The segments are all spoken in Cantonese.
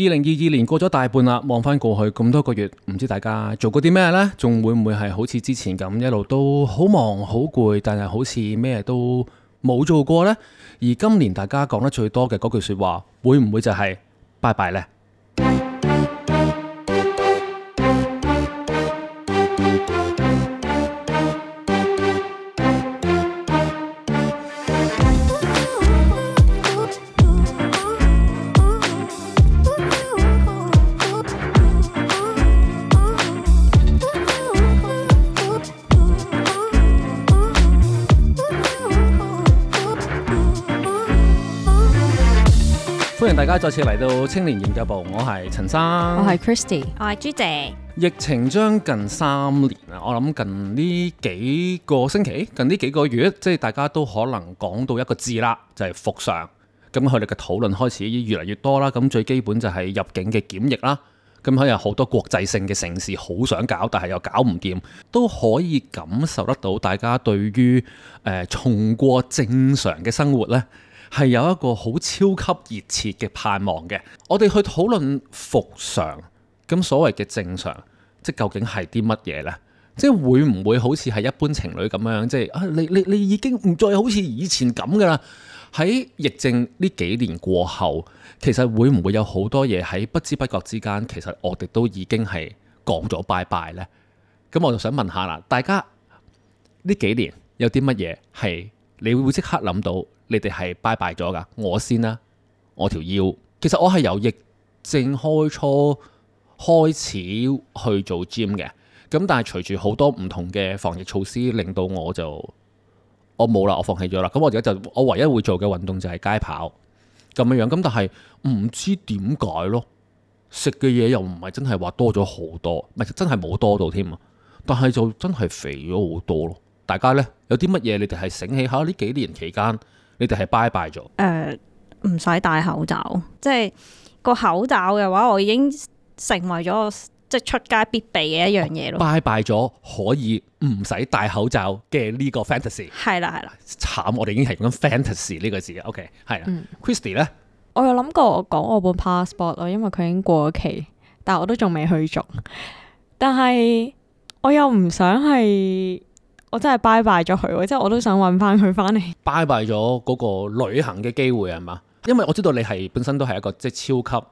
二零二二年過咗大半啦，望返過去咁多個月，唔知大家做過啲咩呢？仲會唔會係好似之前咁一路都好忙好攰，但係好似咩都冇做過呢？而今年大家講得最多嘅嗰句説話，會唔會就係拜拜呢？大家再次嚟到青年研究部，我係陳生，我係 Christy，我係朱姐。疫情將近三年啦，我諗近呢幾個星期、近呢幾個月，即係大家都可能講到一個字啦，就係復常。咁佢哋嘅討論開始越嚟越多啦。咁最基本就係入境嘅檢疫啦。咁喺有好多國際性嘅城市好想搞，但係又搞唔掂，都可以感受得到大家對於誒、呃、重過正常嘅生活呢。係有一個好超級熱切嘅盼望嘅。我哋去討論復常，咁所謂嘅正常，即究竟係啲乜嘢呢？即係會唔會好似係一般情侶咁樣？即係啊，你你你已經唔再好似以前咁㗎啦。喺疫症呢幾年過後，其實會唔會有好多嘢喺不知不覺之間，其實我哋都已經係講咗拜拜呢。咁我就想問下啦，大家呢幾年有啲乜嘢係你會即刻諗到？你哋係拜拜咗㗎，我先啦。我條腰。其實我係由疫症開初開始去做 gym 嘅，咁但係隨住好多唔同嘅防疫措施，令到我就我冇啦，我放棄咗啦。咁我而家就我唯一會做嘅運動就係街跑咁樣樣。咁但係唔知點解咯，食嘅嘢又唔係真係話多咗好多，咪真係冇多到添。但係就真係肥咗好多咯。大家呢，有啲乜嘢你哋係醒起下呢幾年期間？你哋係拜拜咗？誒、呃，唔使戴口罩，即係個口罩嘅話，我已經成為咗即係出街必備嘅一樣嘢咯。拜拜咗，可以唔使戴口罩嘅呢個 fantasy。係啦係啦，慘！我哋已經係咁 fantasy 呢個字。OK，係啦。Christy 咧、嗯，Christy 呢我有諗過講我本 passport 咯，因為佢已經過咗期，但我都仲未去做。但係我又唔想係。我真係拜拜咗佢，即係我都想揾翻佢翻嚟。拜拜咗嗰個旅行嘅機會係嘛？因為我知道你係本身都係一個即係超級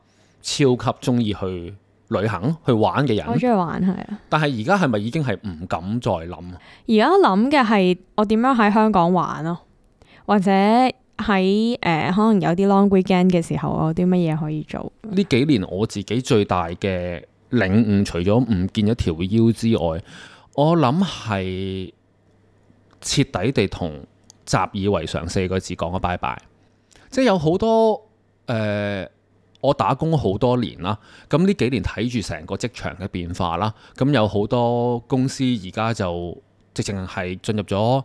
超級中意去旅行去玩嘅人。我中意玩係啊。但係而家係咪已經係唔敢再諗？而家諗嘅係我點樣喺香港玩咯、啊，或者喺誒、呃、可能有啲 long weekend 嘅時候，我有啲乜嘢可以做？呢幾年我自己最大嘅領悟，除咗唔見咗條腰之外，我諗係。徹底地同習以為常四個字講個拜拜，即係有好多誒、呃，我打工好多年啦，咁呢幾年睇住成個職場嘅變化啦，咁有好多公司而家就直情係進入咗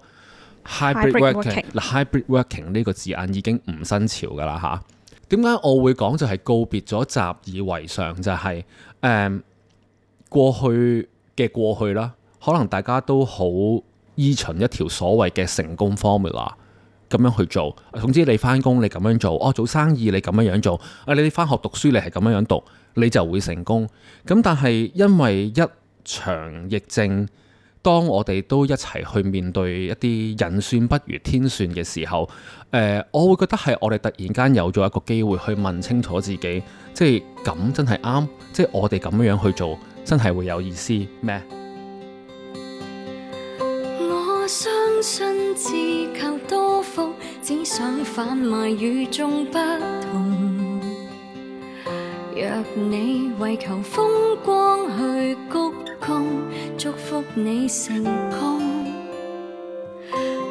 hybrid working, hybrid working，hybrid working 呢個字眼已經唔新潮噶啦吓？點、啊、解我會講就係告別咗習以為常就係、是、誒、呃、過去嘅過去啦，可能大家都好。依循一條所謂嘅成功 formula 咁樣去做，總之你翻工你咁樣做，哦做生意你咁樣樣做，啊你哋翻學讀書你係咁樣樣讀，你就會成功。咁但係因為一場疫症，當我哋都一齊去面對一啲人算不如天算嘅時候，誒、呃，我會覺得係我哋突然間有咗一個機會去問清楚自己，即係咁真係啱，即係我哋咁樣樣去做真係會有意思咩？我相信自求多福，只想販賣與眾不同。若你為求風光去鞠躬，祝福你成功。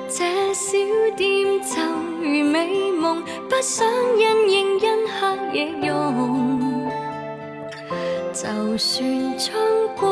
這小店就如美夢，不想因應恩客易容。就算將。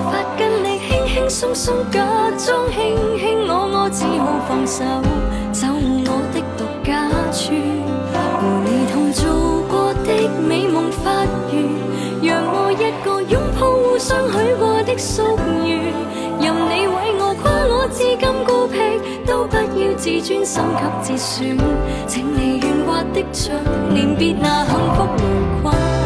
跟你輕輕鬆鬆，輕輕鬆鬆假裝卿卿我我，只好放手走我的獨家村。和你同做過的美夢發願，讓我一個擁抱，互相許過的宿願。任你為我誇我至今孤僻，都不要自尊心及自損。請你圓滑的嘴臉別拿幸福回困。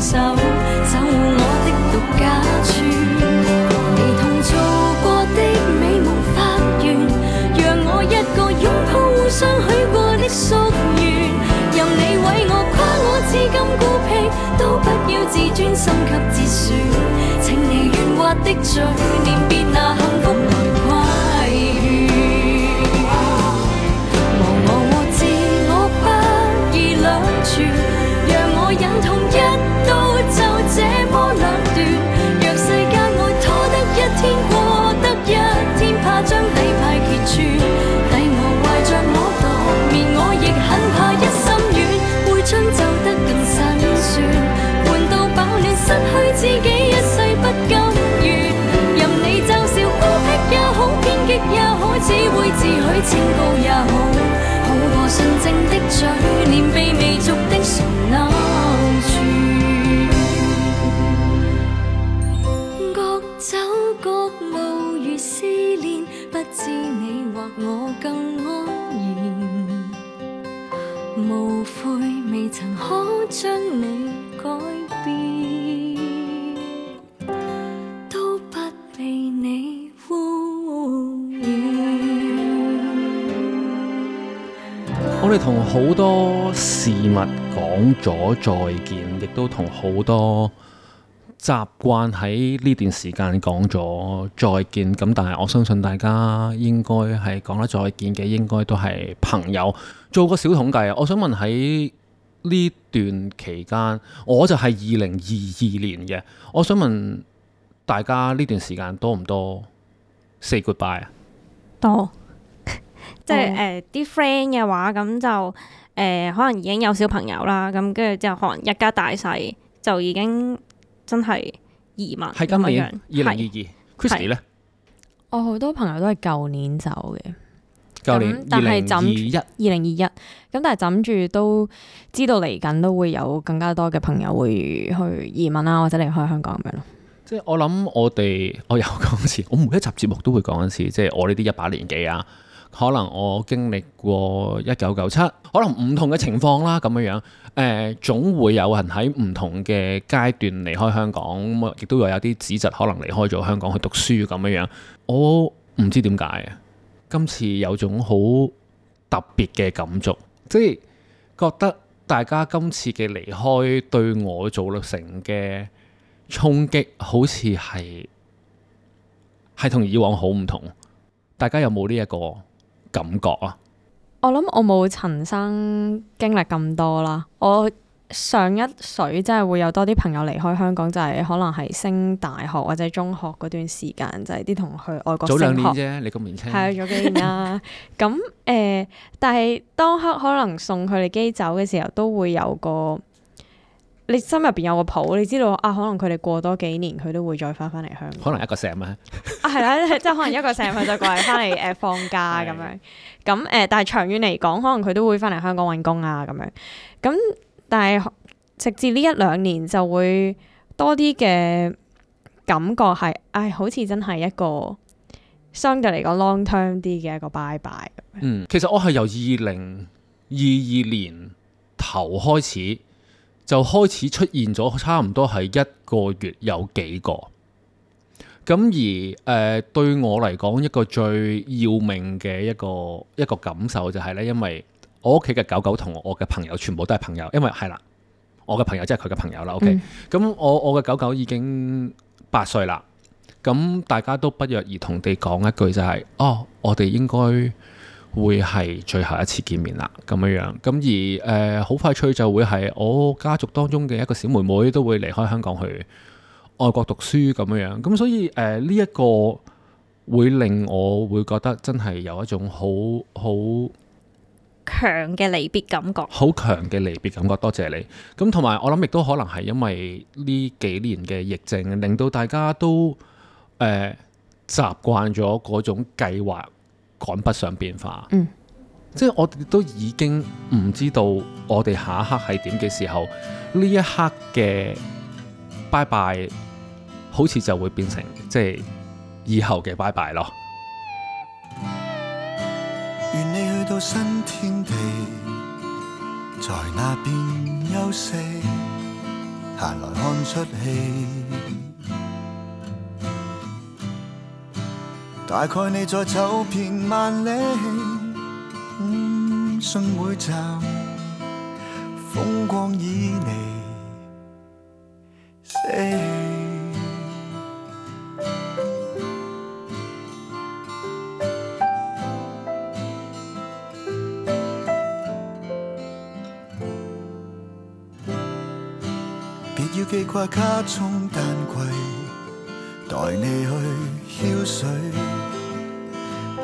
手守護我的獨家村，你同做過的美夢發願，讓我一個擁抱，互相許過的夙願，任你為我誇我至今孤僻，都不要自尊心給折損，請你圓滑的嘴臉。好多事物講咗再見，亦都同好多習慣喺呢段時間講咗再見。咁但係我相信大家應該係講得再見嘅，應該都係朋友。做個小統計啊！我想問喺呢段期間，我就係二零二二年嘅。我想問大家呢段時間多唔多 say goodbye 啊？多。即係誒，啲 friend 嘅話，咁就誒，可能已經有小朋友啦，咁跟住之後可能一家大細就已經真係移民咁樣。係今日，二零二二 Kristy 咧，我好多朋友都係舊年走嘅，舊年但係枕住，二零二一，咁但係枕住都知道嚟緊都會有更加多嘅朋友會去移民啦，或者離開香港咁樣咯。即係我諗，我哋我有講一次，我每一集節目都會講一次，即係我呢啲一把年紀啊。可能我經歷過一九九七，可能唔同嘅情況啦，咁樣樣，誒、呃，總會有人喺唔同嘅階段離開香港，咁啊，亦都有啲子侄可能離開咗香港去讀書咁樣樣。我唔知點解，今次有種好特別嘅感觸，即係覺得大家今次嘅離開對我做成嘅衝擊，好似係係同以往好唔同。大家有冇呢一個？感覺啊！我諗我冇陳生經歷咁多啦。我上一水真係會有多啲朋友離開香港，就係、是、可能係升大學或者中學嗰段時間，就係啲同學去外國升學啫。你咁年輕，係早幾年啦。咁 誒樂、 呃，但係當刻可能送佢哋機走嘅時候，都會有個。你心入邊有個譜，你知道啊？可能佢哋過多幾年，佢都會再翻翻嚟香港。可能一個、啊、semester 啊，係、啊、啦，即係可能一個 semester 就過嚟翻嚟誒放假家咁是樣。咁誒，但係長遠嚟講，可能佢都會翻嚟香港揾工啊咁樣。咁但係直至呢一兩年就會多啲嘅感覺係，唉、哎，好似真係一個相對嚟講 long term 啲嘅一個拜拜。e b 嗯，其實我係由二零二二年頭開始。就開始出現咗，差唔多係一個月有幾個。咁而誒、呃、對我嚟講，一個最要命嘅一個一個感受就係、是、呢：因為我屋企嘅狗狗同我嘅朋友全部都係朋友，因為係啦，我嘅朋友即係佢嘅朋友啦。OK，咁、嗯、我我嘅狗狗已經八歲啦。咁大家都不約而同地講一句就係、是：哦，我哋應該會係最後一次見面啦，咁樣樣，咁而誒好、呃、快脆就會係我、哦、家族當中嘅一個小妹妹都會離開香港去外國讀書咁樣樣，咁、嗯、所以誒呢一個會令我會覺得真係有一種好好強嘅離別感覺。好強嘅離別感覺，多謝你。咁同埋我諗亦都可能係因為呢幾年嘅疫症，令到大家都誒習慣咗嗰種計劃趕不上變化，嗯，即係我哋都已經唔知道我哋下一刻係點嘅時候，呢一刻嘅拜拜，好似就會變成即係以後嘅拜拜咯。願你去到新天地，在那邊休息，閒來看出戲。大概你在走遍萬里，嗯、信每站風光旖旎。別要記掛卡中，單櫃，帶你去瀟灑。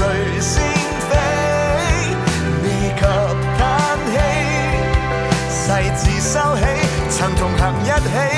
誰先飛，你卻嘆氣，世事收起，曾同行一起。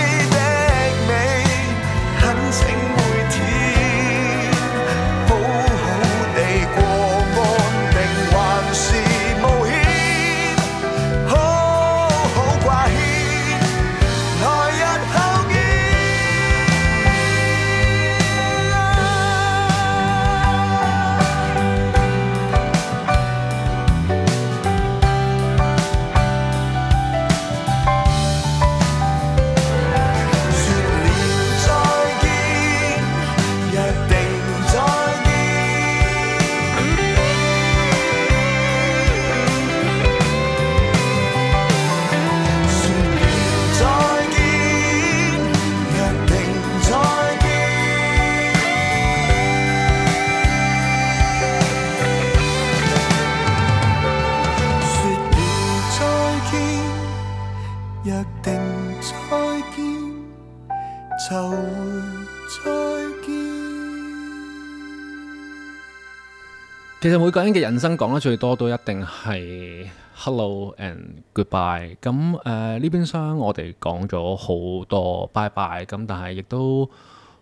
其實每個人嘅人生講得最多都一定係 hello and goodbye。咁誒呢邊廂我哋講咗好多拜拜，e 咁但係亦都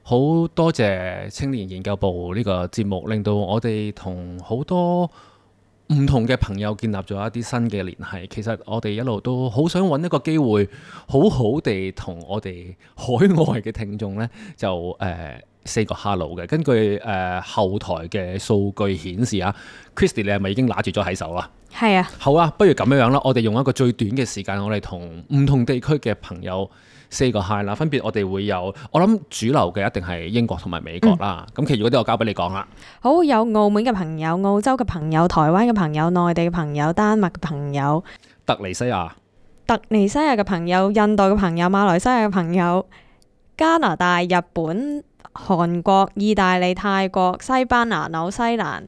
好多謝,謝青年研究部呢個節目，令到我哋同好多唔同嘅朋友建立咗一啲新嘅聯繫。其實我哋一路都好想揾一個機會，好好地同我哋海外嘅聽眾呢就誒。呃 say 個 hello 嘅，根據誒、呃、後台嘅數據顯示啊 Christy 你係咪已經拿住咗喺手啊？係啊，好啊，不如咁樣樣啦，我哋用一個最短嘅時間，我哋同唔同地區嘅朋友 say 個 hi 啦。分別我哋會有，我諗主流嘅一定係英國同埋美國啦。咁、嗯，其餘嗰啲我交俾你講啦。好，有澳門嘅朋友、澳洲嘅朋友、台灣嘅朋友、內地嘅朋友、丹麥嘅朋友、特尼西亞、特尼西亞嘅朋友、印度嘅朋友、馬來西亞嘅朋友、加拿大、日本。韓國、意大利、泰國、西班牙、紐西蘭、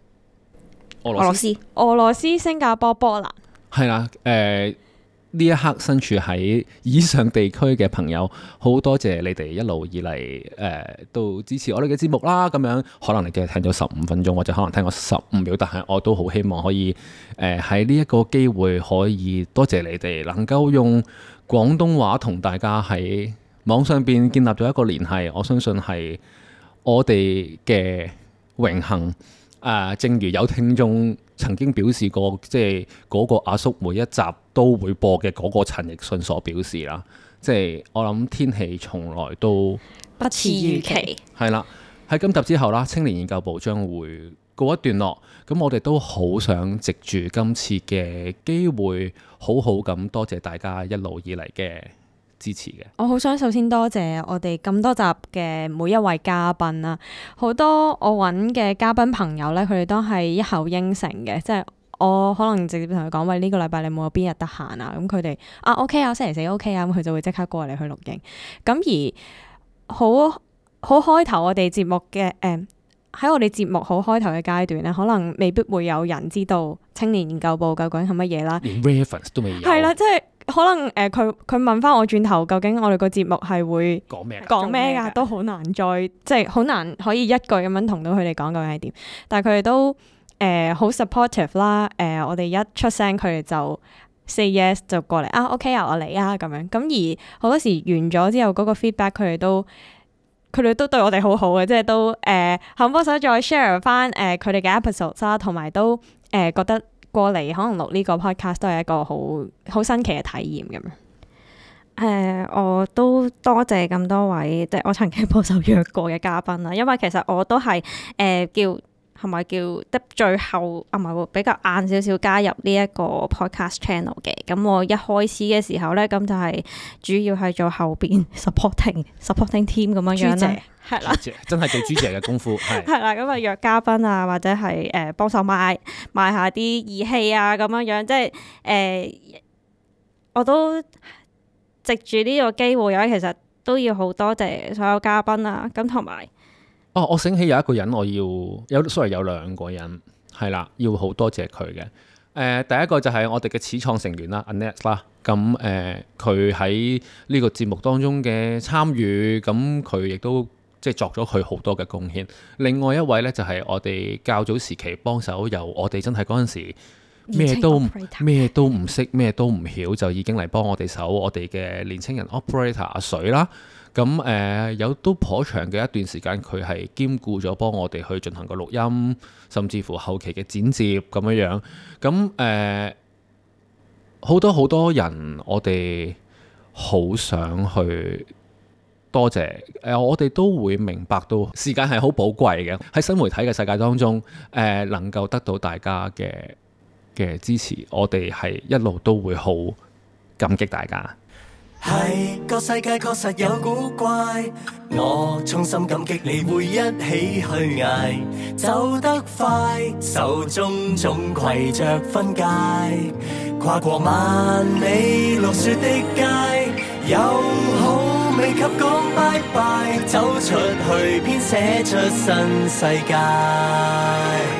俄羅斯、俄羅斯、新加坡、波蘭，係啦。誒、呃，呢一刻身處喺以上地區嘅朋友，好多謝你哋一路以嚟誒，都、呃、支持我哋嘅節目啦。咁樣可能你今日聽咗十五分鐘，或者可能聽咗十五秒，但係我都好希望可以誒，喺呢一個機會可以多謝你哋，能夠用廣東話同大家喺。網上邊建立咗一個聯繫，我相信係我哋嘅榮幸。誒、呃，正如有聽眾曾經表示過，即係嗰個阿叔每一集都會播嘅嗰個陳奕迅所表示啦。即係我諗天氣從來都不似預期。係啦，喺今集之後啦，青年研究部將會告一段落。咁我哋都好想藉住今次嘅機會，好好咁多謝大家一路以嚟嘅支持嘅，我好想首先多謝我哋咁多集嘅每一位嘉賓啦。好多我揾嘅嘉賓朋友呢，佢哋都係一口應承嘅，即係我可能直接同佢講喂，呢、呢個禮拜你冇有邊日得閒啊？咁佢哋啊 OK 啊，星期四 OK 啊，咁、okay, 佢、啊、就會即刻過嚟去錄影。咁而好好開頭我哋節目嘅誒，喺、呃、我哋節目好開頭嘅階段呢，可能未必會有人知道青年研究部究竟係乜嘢啦，連 reference 都未有，係啦，即係。可能誒佢佢問翻我轉頭究竟我哋個節目係會講咩講咩噶都好難再即係好難可以一句咁樣同到佢哋講究竟係點，但係佢哋都誒好 supportive 啦誒，我哋一出聲佢哋就 say yes 就過嚟啊 OK 啊我嚟啊咁樣咁而好多時完咗之後嗰個 feedback 佢哋都佢哋都對我哋好好嘅，即係都誒、呃、肯幫手再 share 翻誒佢哋嘅 episode 啦，同埋都誒覺得。過嚟可能錄呢個 podcast 都係一個好好新奇嘅體驗咁樣。誒，我都多謝咁多位即係我曾經幫手約過嘅嘉賓啦，因為其實我都係誒叫。係咪叫？得最後啊，唔係會比較晏少少加入呢一個 podcast channel 嘅。咁我一開始嘅時候咧，咁就係主要係做後邊 supporting、supporting team 咁樣樣啦。啦席對了，真係做主持嘅功夫係。係啦， 咁啊約嘉賓啊，或者係誒、呃、幫手買買下啲儀器啊，咁樣樣即係誒、呃，我都藉住呢個機會，因為其實都要好多謝所有嘉賓啦。咁同埋。哦，我醒起有一個人，我要有，sorry，有兩個人，係啦，要好多謝佢嘅。誒、呃，第一個就係我哋嘅始創成員啦，Annette 啦。咁、嗯、誒，佢喺呢個節目當中嘅參與，咁佢亦都即係作咗佢好多嘅貢獻。另外一位呢，就係、是、我哋較早時期幫手由我哋真係嗰陣時咩都咩都唔識咩都唔曉，就已經嚟幫我哋手，我哋嘅年青人 operator 阿水啦。咁誒、呃、有都頗長嘅一段時間，佢係兼顧咗幫我哋去進行個錄音，甚至乎後期嘅剪接咁樣樣。咁誒好多好多人我謝謝、呃，我哋好想去多謝誒，我哋都會明白到時間係好寶貴嘅。喺新媒體嘅世界當中，誒、呃、能夠得到大家嘅嘅支持，我哋係一路都會好感激大家。係個世界確實有古怪，我衷心感激你會一起去捱，走得快，手中總攜着分界；跨過萬里落雪的街，有好未及講拜拜，走出去編寫出新世界。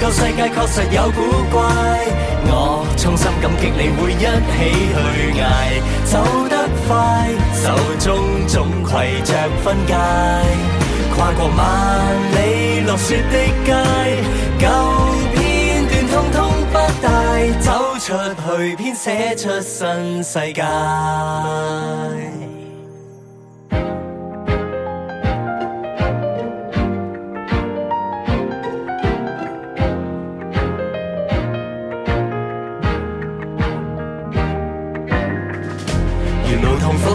舊世界確實有古怪，我衷心感激你會一起去捱。走得快，手中總攜着分界，跨過萬里落雪的街，舊片段統統不帶，走出去編寫出新世界。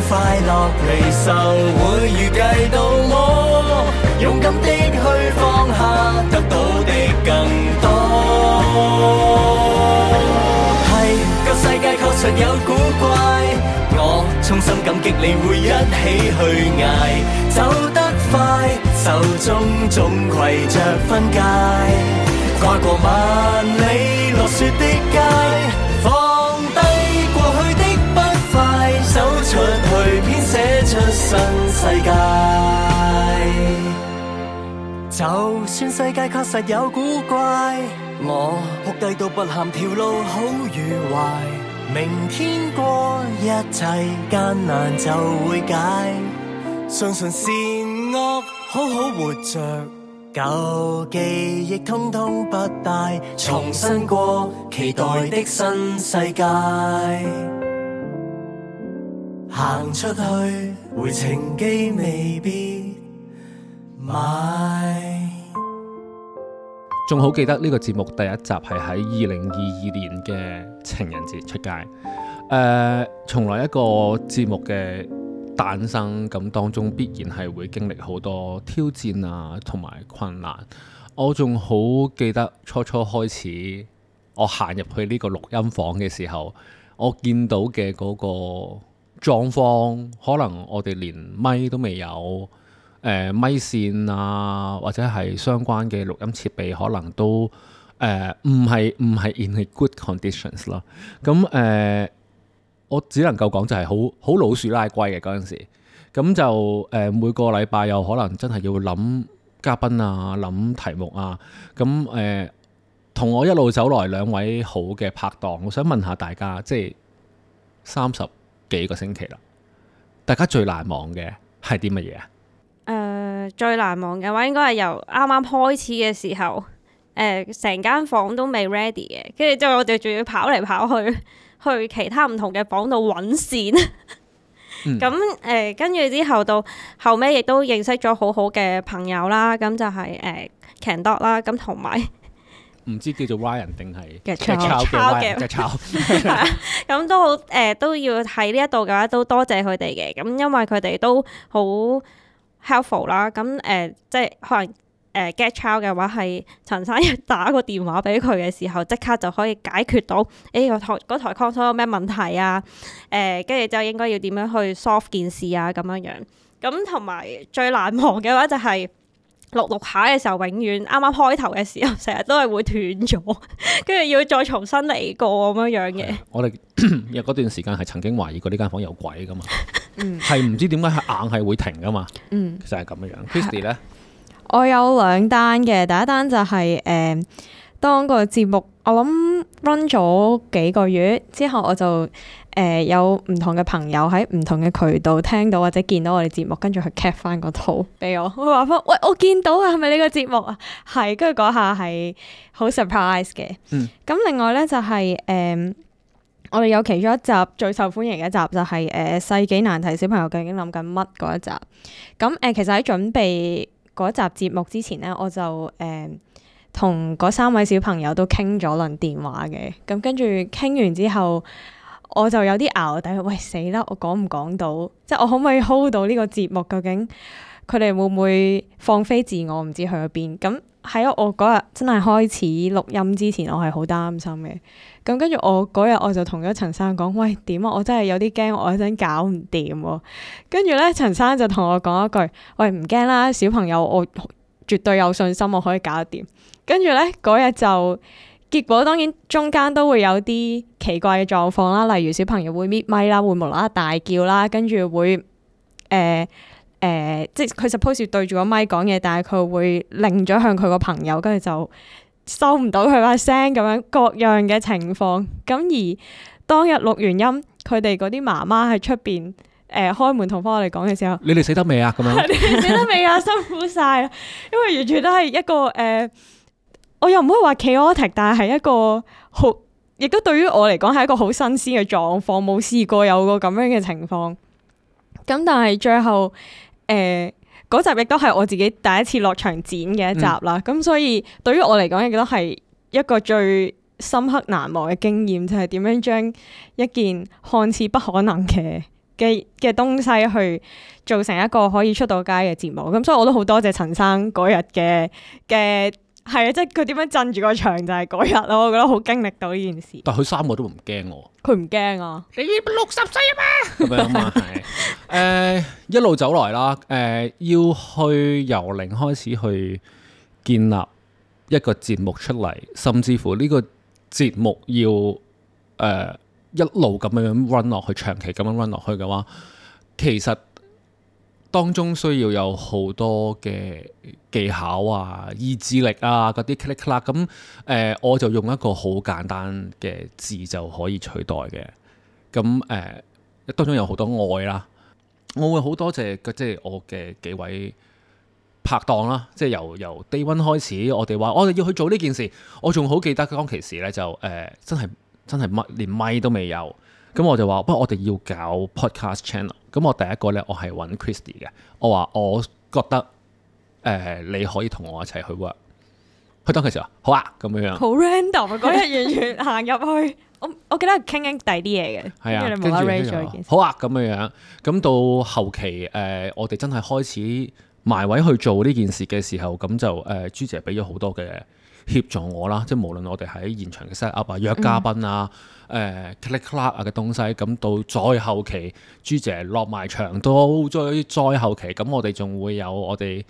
快樂離愁會預計到麼？勇敢的去放下，得到的更多。係、這個世界確實有古怪，我衷心感激你會一起去捱，走得快，手中總攜着分界，跨過萬里落雪的街。新世界，就算世界確實有古怪，我撲街都不喊，條路好與壞，明天過一切艱難就會解。相信善惡，好好活着，舊記憶通通不帶，重新過期待的新世界，行出去。回程機未必買，仲好記得呢個節目第一集係喺二零二二年嘅情人節出街。誒、呃，從來一個節目嘅誕生咁當中，必然係會經歷好多挑戰啊，同埋困難。我仲好記得初初開始，我行入去呢個錄音房嘅時候，我見到嘅嗰個。狀況可能我哋連咪都未有，誒、呃、咪線啊，或者係相關嘅錄音設備，可能都誒唔係唔係 in a good conditions 咯。咁、嗯、誒、呃，我只能夠講就係好好老鼠拉龜嘅嗰陣時。咁就誒、呃、每個禮拜又可能真係要諗嘉賓啊，諗題目啊。咁、嗯、誒，同、呃、我一路走來兩位好嘅拍檔，我想問下大家，即係三十幾個星期啦，大家最難忘嘅係啲乜嘢啊？誒、呃，最難忘嘅話應該係由啱啱開始嘅時候，誒、呃，成間房都未 ready 嘅，跟住之後我哋仲要跑嚟跑去去其他唔同嘅房度揾線。咁 誒、嗯，跟、呃、住之後到後尾亦都認識咗好好嘅朋友啦。咁就係誒 Kendoc 啦，咁同埋。唔知叫做 Y 人定係 get chow 嘅，就炒。咁都好，誒都要喺呢一度嘅話，都多謝佢哋嘅。咁因為佢哋都好 helpful 啦。咁誒，即係可能誒 get chow 嘅話，係陳生一打個電話俾佢嘅時候，即刻就可以解決到。誒、欸、個台台 console 有咩問題啊？誒，跟住之後就應該要點樣去 solve 件事啊？咁樣樣。咁同埋最難忘嘅話就係、是。錄錄下嘅時候永遠，永遠啱啱開頭嘅時候，成日都係會斷咗，跟住要再重新嚟過咁樣樣嘅。我哋有嗰段時間係曾經懷疑過呢間房有鬼噶嘛，係唔 知點解係硬係會停噶嘛，就係咁樣樣。Christy, 咧，我有兩單嘅，第一單就係、是、誒、呃，當個節目我諗 run 咗幾個月之後，我就。誒、呃，有唔同嘅朋友喺唔同嘅渠道聽到或者見到我哋節目，跟住佢 cap 翻個圖俾我，佢話翻喂，我見到啊，係咪呢個節目啊？係，跟住嗰下係好 surprise 嘅。咁、嗯、另外呢，就係、是、誒、呃，我哋有其中一集最受歡迎嘅一集就係、是、誒、呃、世紀難題，小朋友究竟諗緊乜嗰一集。咁誒、呃，其實喺準備嗰一集節目之前呢，我就誒同嗰三位小朋友都傾咗輪電話嘅。咁跟住傾完之後。我就有啲淆底，喂，死啦！我講唔講到，即係我可唔可以 hold 到呢個節目？究竟佢哋會唔會放飛自我？唔知去咗邊。咁喺我嗰日真係開始錄音之前，我係好擔心嘅。咁跟住我嗰日我就同咗陳生講：喂，點啊？我真係有啲驚，我一陣搞唔掂喎。跟住咧，陳生就同我講一句：喂，唔驚啦，小朋友，我絕對有信心，我可以搞得掂。跟住咧，嗰日就。結果當然中間都會有啲奇怪嘅狀況啦，例如小朋友會搣咪啦，會無啦啦大叫啦，跟住會誒誒、呃呃，即係佢 suppose 對住個咪講嘢，但係佢會擰咗向佢個朋友，跟住就收唔到佢把聲咁樣各樣嘅情況。咁而當日錄完音，佢哋嗰啲媽媽喺出邊誒開門同返我哋講嘅時候，你哋死得未啊？咁樣 你哋死得未啊？辛苦曬，因為完全都係一個誒。呃我又唔可以話 chaotic，但係係一個好，亦都對於我嚟講係一個好新鮮嘅狀況，冇試過有個咁樣嘅情況。咁但係最後，誒、呃、嗰集亦都係我自己第一次落場剪嘅一集啦。咁、嗯、所以對於我嚟講亦都係一個最深刻難忘嘅經驗，就係、是、點樣將一件看似不可能嘅嘅嘅東西去做成一個可以出到街嘅節目。咁所以我都好多謝陳生嗰日嘅嘅。係啊，即係佢點樣震住個場就係嗰日咯，我覺得好經歷到呢件事。但係佢三個都唔驚我。佢唔驚我。你六十歲 啊嘛？咁係唔係，誒、呃，一路走來啦，誒、呃，要去由零開始去建立一個節目出嚟，甚至乎呢個節目要誒、呃、一路咁樣 run 落去，長期咁樣 run 落去嘅話，其實。當中需要有好多嘅技巧啊、意志力啊，嗰啲 click 啦咁，誒我就用一個好簡單嘅字就可以取代嘅。咁誒，當中有好多愛啦，我會好多謝即係我嘅幾位拍檔啦，即係由由 Day 1開始，我哋話我哋要去做呢件事，我仲好記得當其時呢就誒，真係真係乜連咪都未有。咁我就話：不過我哋要搞 podcast channel，咁我第一個咧，我係揾 Christy 嘅。我話我覺得誒、呃，你可以同我一齊去喎。佢當其時話：好啊，咁樣樣。好 random，嗰日遠遠行入去， 我我記得傾傾第二啲嘢嘅。係啊，好啊，咁樣樣。咁到後期誒、呃，我哋真係開始埋位去做呢件事嘅時候，咁就誒朱姐俾咗好多嘅。協助我啦，即係無論我哋喺現場嘅 set up 啊、約嘉賓啊、誒 click clack 啊嘅東西，咁到再後期，朱姐落埋場都最再後期，咁我哋仲會有我哋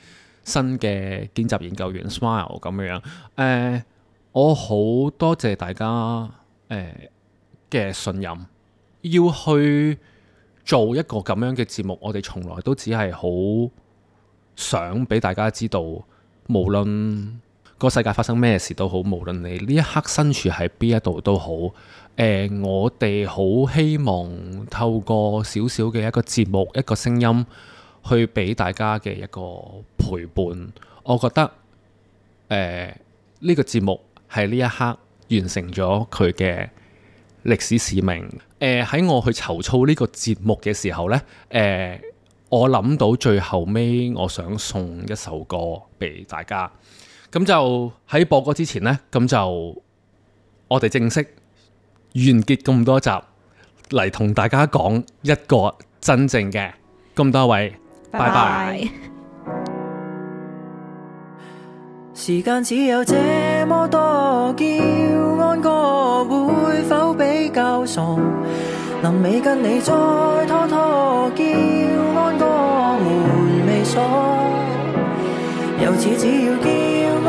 新嘅兼職研究員 Smile 咁樣樣。誒、呃，我好多謝大家誒嘅、呃、信任，要去做一個咁樣嘅節目，我哋從來都只係好想俾大家知道，無論個世界發生咩事都好，無論你呢一刻身處喺邊一度都好，誒、呃，我哋好希望透過少少嘅一個節目、一個聲音，去俾大家嘅一個陪伴。我覺得誒呢、呃呢個節目喺呢一刻完成咗佢嘅歷史使命。誒、呃、喺我去籌措呢個節目嘅時候呢，誒、呃、我諗到最後尾，我想送一首歌俾大家。咁就喺播歌之前呢，咁就我哋正式完結咁多集嚟同大家講一個真正嘅，咁多位，Bye 拜拜。時間有這麼多，叫安哥會否比較傻？臨尾跟你再拖拖，叫安哥，門未鎖，由此只要……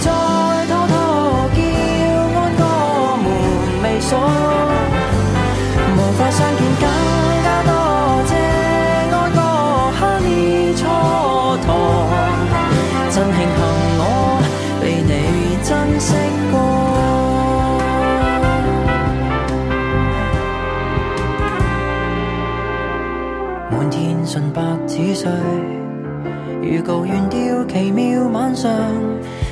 再拖拖叫安哥門未鎖，無法相見更加多多謝安哥刻意蹉跎。真慶幸我被你珍惜過。滿 天純白紙碎，預告原調奇妙晚上。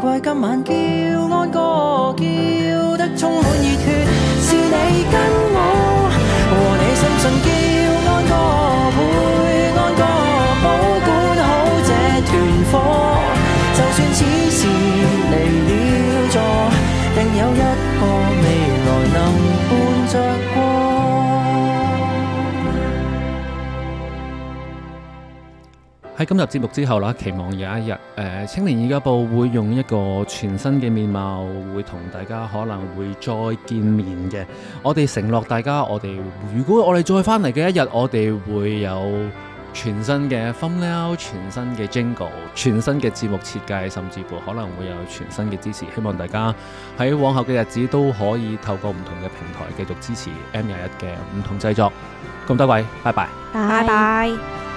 怪今晚叫安哥叫得充滿熱血，是你跟我和你相信叫安哥會安哥保管好這團火，就算此時離了座，定有一個。喺今日節目之後啦，期望有一日，誒、呃，青年二家報會用一個全新嘅面貌，會同大家可能會再見面嘅。我哋承諾大家，我哋如果我哋再翻嚟嘅一日，我哋會有全新嘅 layout、全新嘅 Jingle、全新嘅節目設計，甚至乎可能會有全新嘅支持。希望大家喺往後嘅日子都可以透過唔同嘅平台繼續支持 M 廿一嘅唔同製作。咁多位，拜拜，拜拜。